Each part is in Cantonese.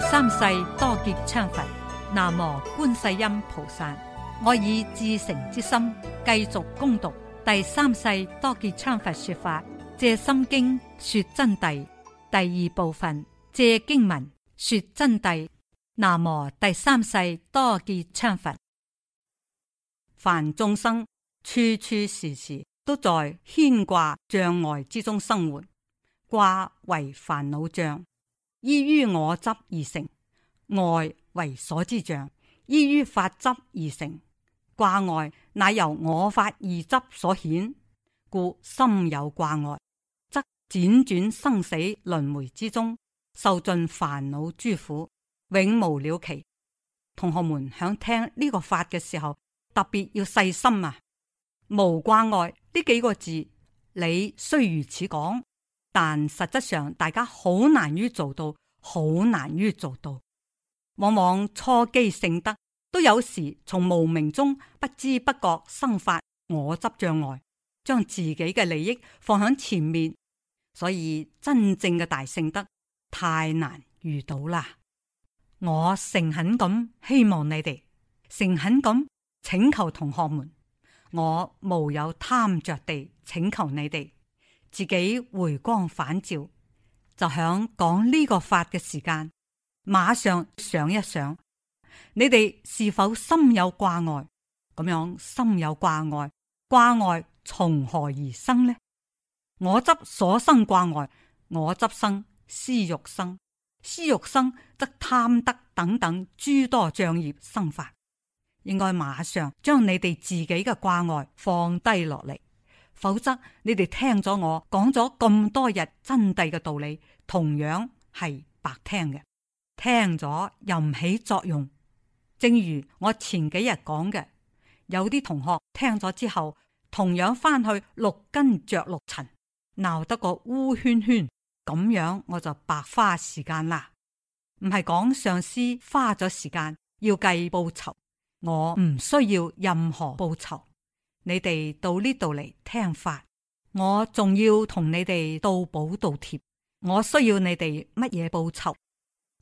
第三世多杰羌佛，南無觀世音菩薩。我以至誠之心繼續恭讀第三世多杰羌佛說法，借心經說真諦第二部分，借經文說真諦。南無第三世多杰羌佛。凡眾生處處時時都在牽掛障礙之中生活，掛為煩惱障。依於我執而成，愛為所之象；依於法執而成，掛礙乃由我法而執所顯。故心有掛礙，則輾轉生死輪回之中，受盡煩惱諸苦，永無了期。同學們響聽呢個法嘅時候，特別要細心啊！無掛礙呢幾個字，你雖如此講。但實質上，大家好難於做到，好難於做到。往往初機聖德都有時從無明中不知不覺生發我執障礙，將自己嘅利益放喺前面。所以真正嘅大聖德太難遇到啦。我誠懇咁希望你哋誠懇咁請求同學們，我無有貪着地請求你哋。自己回光返照，就響講呢個法嘅時間，馬上想一想，你哋是否心有掛礙？咁樣心有掛礙，掛礙從何而生呢？我執所生掛礙，我執生私欲生，私欲生則貪得等等諸多障業生法，應該馬上將你哋自己嘅掛礙放低落嚟。否則你哋聽咗我講咗咁多日真諦嘅道理，同樣係白聽嘅，聽咗又唔起作用。正如我前幾日講嘅，有啲同學聽咗之後，同樣翻去六根着六塵，鬧得個烏圈圈，咁樣我就白花時間啦。唔係講上司花咗時間要計報酬，我唔需要任何報酬。你哋到呢度嚟聽法，我仲要同你哋倒寶倒貼。我需要你哋乜嘢報酬？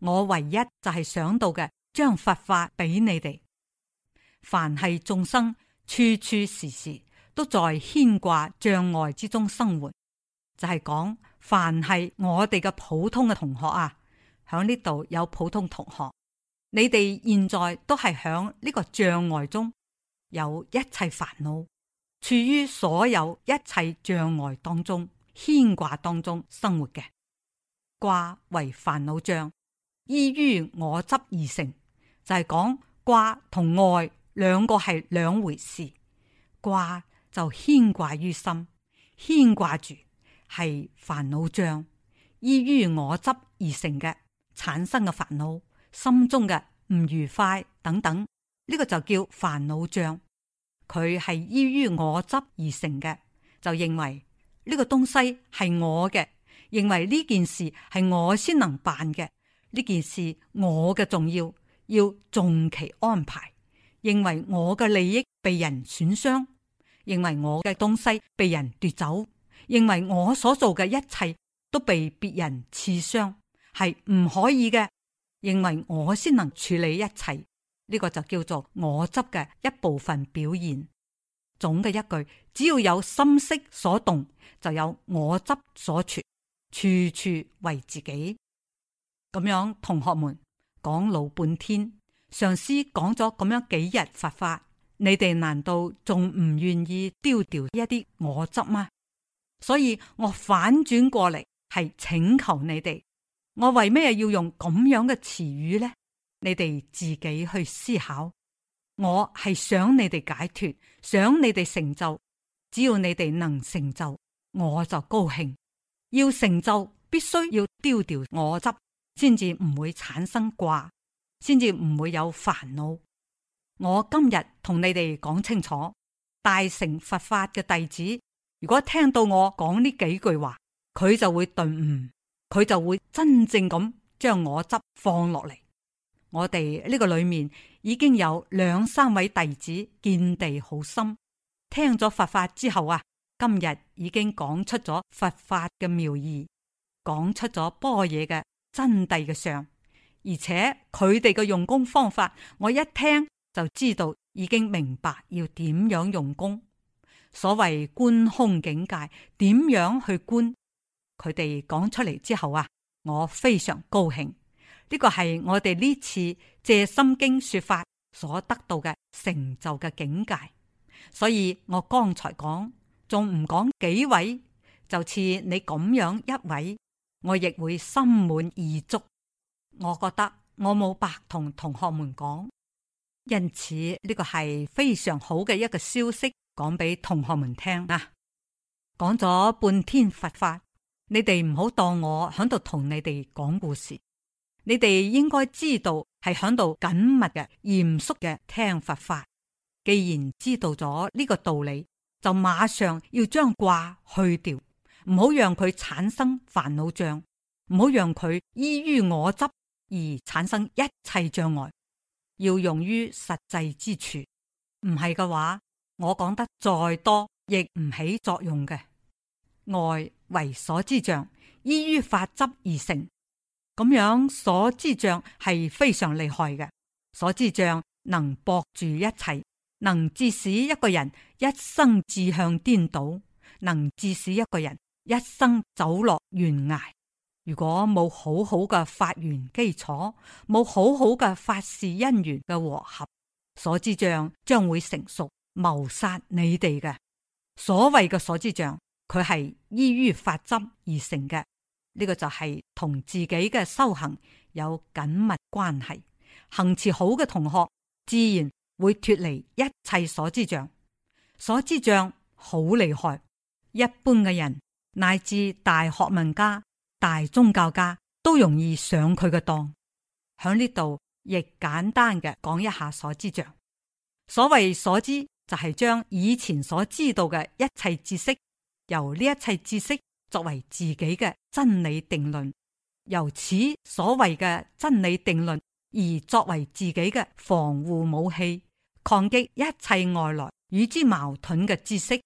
我唯一就係想到嘅，將佛法俾你哋。凡係眾生，處處時時都在牽掛障礙之中生活，就係、是、講凡係我哋嘅普通嘅同學啊，響呢度有普通同學，你哋現在都係響呢個障礙中，有一切煩惱。處於所有一切障礙當中、牽掛當中生活嘅掛為煩惱障，依於我執而成，就係講掛同愛兩個係兩回事。掛就牽掛於心，牽掛住係煩惱障，依於我執而成嘅產生嘅煩惱、心中嘅唔愉快等等，呢、這個就叫煩惱障。佢係依於我執而成嘅，就認為呢、這個東西係我嘅，認為呢件事係我先能辦嘅，呢件事我嘅重要，要重其安排，認為我嘅利益被人損傷，認為我嘅東西被人奪走，認為我所做嘅一切都被別人刺傷，係唔可以嘅，認為我先能處理一切。呢個就叫做我執嘅一部分表現。總嘅一句，只要有心識所動，就有我執所存，處處為自己。咁樣，同學們講老半天，上師講咗咁樣幾日佛法，你哋難道仲唔願意丟掉一啲我執嗎？所以我反轉過嚟係請求你哋，我為咩要用咁樣嘅詞語呢？你哋自己去思考，我係想你哋解脫，想你哋成就。只要你哋能成就，我就高興。要成就，必須要丟掉我執，先至唔會產生掛，先至唔會有煩惱。我今日同你哋講清楚，大乘佛法嘅弟子，如果聽到我講呢幾句話，佢就會頓悟，佢就會真正咁將我執放落嚟。我哋呢個裏面已經有兩三位弟子見地好深，聽咗佛法之後啊，今日已經講出咗佛法嘅妙義，講出咗般若嘅真諦嘅相。而且佢哋嘅用功方法，我一聽就知道已經明白要點樣用功。所謂觀空境界，點樣去觀？佢哋講出嚟之後啊，我非常高興。呢個係我哋呢次借心經說法所得到嘅成就嘅境界，所以我剛才講仲唔講幾位，就似你咁樣一位，我亦會心滿意足。我覺得我冇白同同學們講，因此呢個係非常好嘅一個消息，講俾同學們聽啊！講咗半天佛法，你哋唔好當我響度同你哋講故事。你哋應該知道係響度緊密嘅嚴肅嘅聽佛法。既然知道咗呢個道理，就馬上要將掛去掉，唔好讓佢產生煩惱障，唔好讓佢依於我執而產生一切障礙。要用於實際之處，唔係嘅話，我講得再多亦唔起作用嘅。外為所知障，依於法執而成。咁樣所知障係非常厲害嘅，所知障能博住一切，能致使一個人一生志向顛倒，能致使一個人一生走落懸崖。如果冇好好嘅法源基礎，冇好好嘅法事因緣嘅和合，所知障將會成熟謀殺你哋嘅。所謂嘅所知障，佢係依於法執而成嘅。呢個就係同自己嘅修行有緊密關係。行持好嘅同學，自然會脫離一切所知障。所知障好厲害，一般嘅人乃至大學問家、大宗教家，都容易上佢嘅當。喺呢度亦簡單嘅講一下所知障。所謂所知，就係將以前所知道嘅一切知識，由呢一切知識，作為自己嘅真理定論，由此所謂嘅真理定論而作為自己嘅防護武器，抗擊一切外來與之矛盾嘅知識，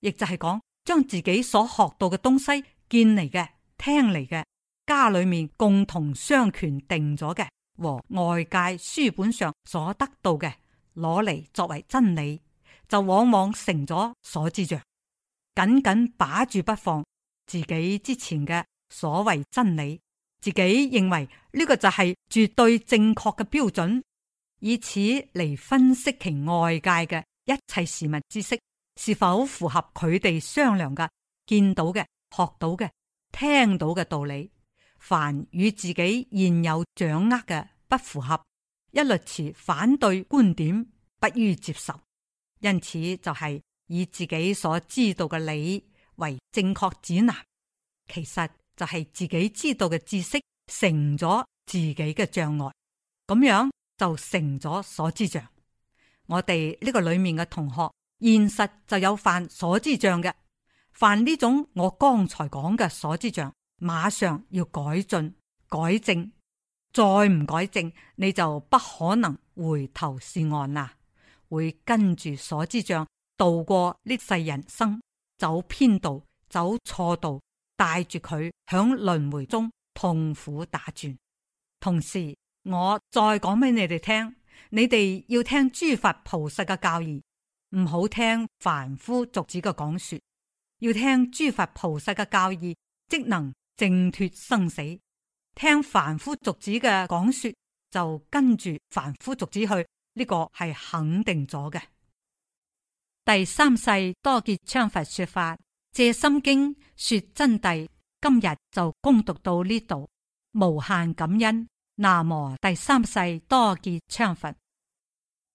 亦就係講將自己所學到嘅東西見嚟嘅、聽嚟嘅、家裏面共同商權定咗嘅，和外界書本上所得到嘅，攞嚟作為真理，就往往成咗所知障，緊緊把住不放。自己之前嘅所謂真理，自己認為呢個就係絕對正確嘅標準，以此嚟分析其外界嘅一切事物知識是否符合佢哋商量嘅、見到嘅、學到嘅、聽到嘅道理。凡與自己現有掌握嘅不符合，一律持反對觀點，不予接受。因此就係以自己所知道嘅理。為正確指南，其實就係自己知道嘅知識成咗自己嘅障礙，咁樣就成咗所知障。我哋呢個裏面嘅同學，現實就有犯所知障嘅，犯呢種我剛才講嘅所知障，馬上要改進、改正，再唔改正，你就不可能回頭是岸啦，會跟住所知障度過呢世人生。走偏道，走錯道，帶住佢響輪迴中痛苦打轉。同時，我再講俾你哋聽，你哋要聽諸佛菩薩嘅教義，唔好聽凡夫俗子嘅講說。要聽諸佛菩薩嘅教義，即能正脫生死；聽凡夫俗子嘅講說，就跟住凡夫俗子去。呢、這個係肯定咗嘅。第三世多杰羌佛說法，藉心經說真諦，今日就恭讀到呢度，無限感恩。南無第三世多杰羌佛。